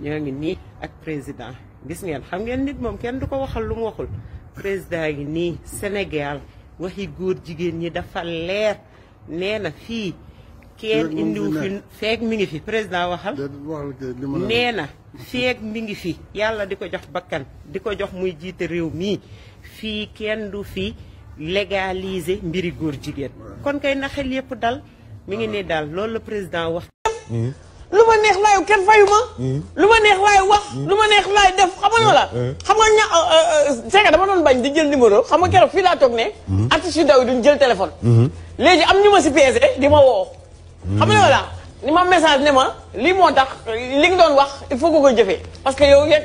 ñoo ngi nii ak président gis ngeen xam ngeen nit moom kenn du ko waxal lu mu waxul président ngi nii Sénégal waxi góor jigéen ñi dafa leer nee na fii kenn indiwu fi feeg mi ngi fi président waxal nee na feeg mi ngi fi yàlla di ko jox bakkan di ko jox muy jiite réew mii fii kenn du fi légaliser mbiri góor jigéen kon kay na xel yëpp dal mu ngi ah. ne daal loolu la président wax lu ma neex kenn fayu hmm. lu ma neex wax. Hmm. lu ma neex def xamal la. Hmm. xam nga ña euh, euh, euh, c'est que dama doon bañ di jël numéro xam nga keroog fii laa toog ne. artiste yu ndaw yi duñ jël téléphone. léegi ma si li nga doon que yow rek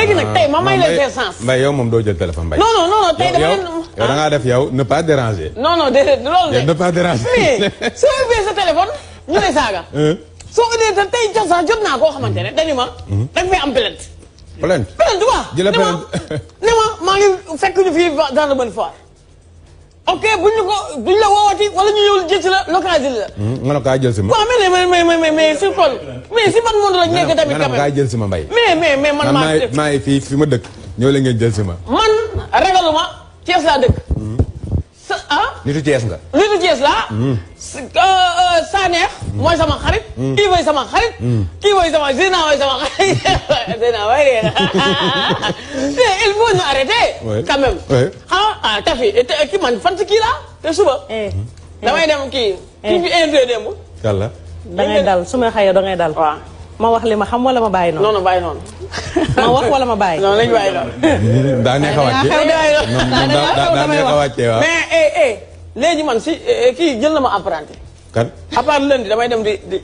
rek nag tey ma may la seen sens. mbay yow moom doo jël téléphone mbay. non non non tey dama leen yow da ngaa def ne pas déranger. non non de. soo ubbee sa téléphone. ñu lay saaga. Eh? soo indee te tey jot sax jot naa koo xamante ne dañu ma. Hmm? dañu may am plainte. plainte plainte waaw. jëlee ne ma maa ngi fekk fii dans la bonne ok buñ la ko buñ la woowati wala ñu ñëw jël si la localité la. Hmm? nga ne ko kaay jël si ma. waaw mais jël si ma mbay. mais mais mais maa ngi fii fi ma dëkk. ñoo la jël si ma. man ragaluma Thiès laa dëkk. ah. nitu jees nga. nitu jees laa. Saneex. mooy sama xarit. Hmm. kii sa sama xarit. Hmm. kii mooy sama Zina mooy sama xarit Zina mooy réer te il faut ñu arrêter. quand même. Ah, ah Tafi ki man fan si kii laa te suba. Eh, eh. damay dem kii. Eh. kii fi invité démb. yàlla. da dal su ma xëyee da ngay dal. waaw ma wax li ma xam wala ma bàyyi noonu. non non bàyyi noonu. ma wax wala ma bàyyi. non lañ bàyyi noonu. daa neex a wàcce moom daa nekk a wàccee waaw mais eh eh man si eh, kii jël na ma apprenti. kan à part lundi damay dem di di.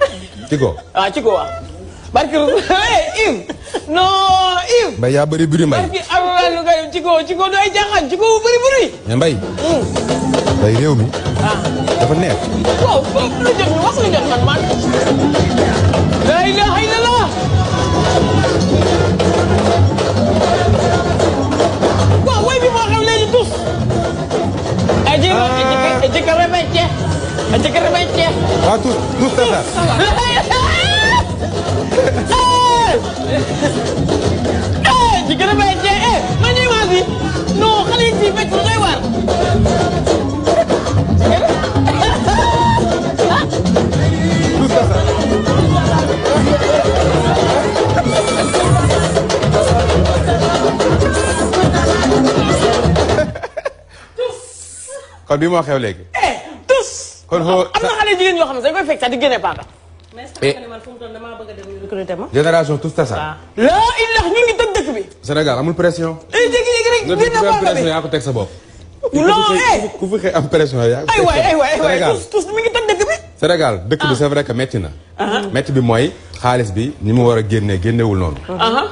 Ciko ah Ciko waaw. barke Ive non Ive. mbay yaa bëri buri mbay. barke Arouna Ciko Ciko du ay Ciko bu bëri buri. mais mbay. Hmm. mbay réew mi. Ah. dafa neex. waaw foofu lu jot wax lu jot man Acı yok, acı, acı karameçe. Acı karameçe. Ha ah, tut, tut sefer. Acı karameçe. kon bi moo xew léegi. Eh, tous. kon xoo am na xale jigéen ñoo xam ne dañ koy fekk sax di génne paaka. Eh. génération tous tasa. waaw loo ilaah ñu ngi tëj dëkk bi. Sénégal amul pression. day eh, jékki-jékki rek génne paaka bi nga pression yaa ko teg sa bopp. non eh ku fi xëy am pression yaa ko teg sa bopp. aywaay aywaay aywaay tous tous mi ngi tëj dëkk bi. Sénégal dëkk bi ah. c'est vrai que métti na. Uh-huh. metti bi mooy xaalis bi ni mu war a génne génnewul noonu. Uh-huh.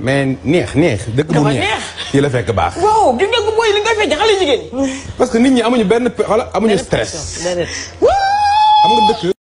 mais neex neex. dëkk bu neex fii la fekk baax. waaw gis nga booy li nga fekk jigéen parce que nit ñi amuñu benn xala amuñu stress. xam nga